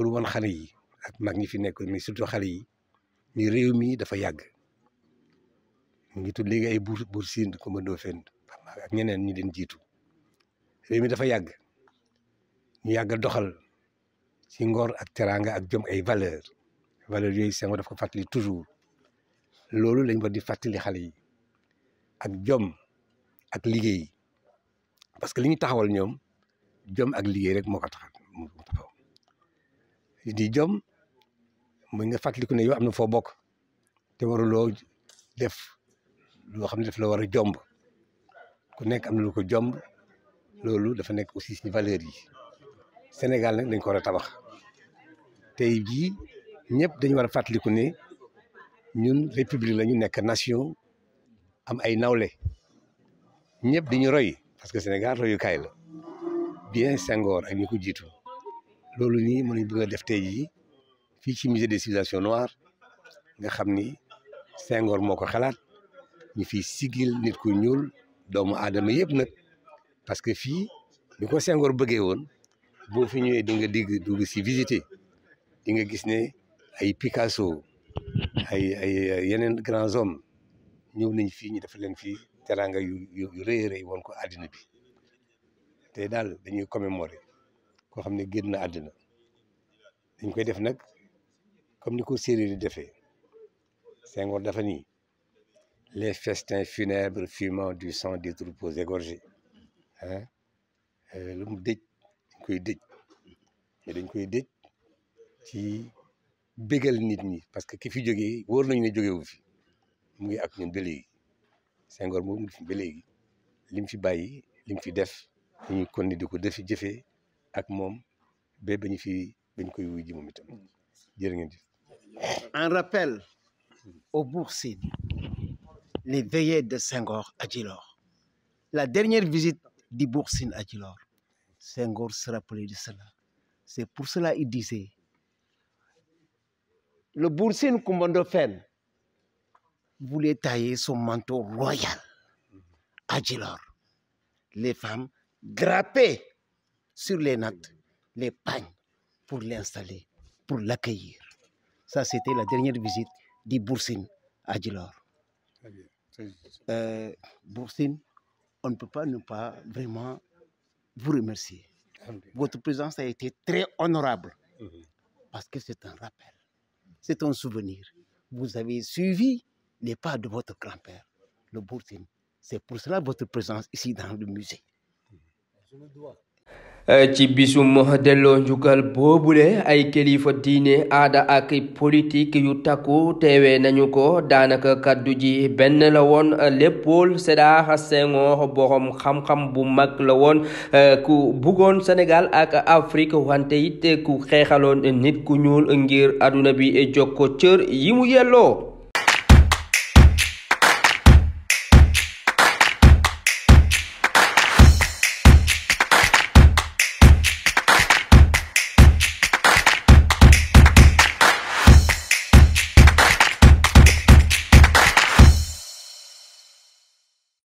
[SPEAKER 4] pour wan xale yi ak mag ñi fi nekk mais surtout xale yi ni réew mi dafa yàgg mu ngi tudd léegi ay buur buur siin ko ñeneen ñi leen jiitu réew mi dafa yàgg ñu yàgg doxal si ngor ak teraanga ak jom ay valeur valeur yooyu Senghor daf ko fàttali toujours loolu lañ war di fàttali xale yi ak jom ak liggéey parce que liñ taxawal ñoom jom ak liggéey rek moo ko taxaw di jom muy nga fàttaliku ne am na foo bokk te waruloo def loo xam ne daf la war a jomb ku nekk am na lu ko jomb loolu dafa nekk aussi ci valeur yi senegal nag dañ ko war a tabax tey jii ñëpp dañ war a fàttaliku ne ñun république la ñu nekk nation am ay nawle ñëpp dañu roy parce que Sénégal royukaay la bien Senghor ak ñu ko jiitu loolu nii mën nañ bëgg a def te jii fii ci musée des civilisations noires nga xam ni Senghor moo ko xalaat ñu fiy sigil nit ku ñuul doomu aadama yëpp nag parce que fii ni ko Senghor bëggee woon boo fi ñëwee di nga digg si visiter di nga gis ne ay Picasso ay ay yeneen grands hommes ñëw nañ fii ñu def leen fii teraanga yu yu rëy a rëy woon ko àddina bi te daal dañuy commémorer ne dañ koy def nak comme ni dafa les festins funèbres fumant du sang des troupeaux égorgés ah lu mu koy mais dañ koy ci nit parce que ki fi wor wóor né ne wu fi mu ak ñun mo ngi fi lim fi bayyi lim fi def ñu kon ni
[SPEAKER 2] un rappel
[SPEAKER 4] Au Boursin les veillées de saint à Djilor
[SPEAKER 5] la dernière visite du Boursin à Djilor gor se rappelait de cela c'est pour cela il disait le Boursine Le fait voulait tailler son manteau royal à Djilor les femmes grappaient sur les nattes les pagnes pour l'installer, pour l'accueillir. Ça, c'était la dernière visite Boursin à Gilor. Euh, on ne peut pas ne pas vraiment vous remercier. Ah, votre présence a été très honorable mhm. parce que c'est un rappel, c'est un souvenir. Vous avez suivi les pas de votre grand-père, le Boursin. C'est pour cela votre
[SPEAKER 1] présence ici dans le musée. Je dois. ci bisum delloo njukkal boobule ay kilifa diine aada ak politique yu takku teewee nañu ko daanaka kaddu ji benn la woon Léopold Sédar Senghor borom xam-xam bu mag la woon eh, ku bugoon senegal ak Afrique wante it ku xeexaloon nit ku ñuul ngir àdduna bi jox ko cër yi mu yelloo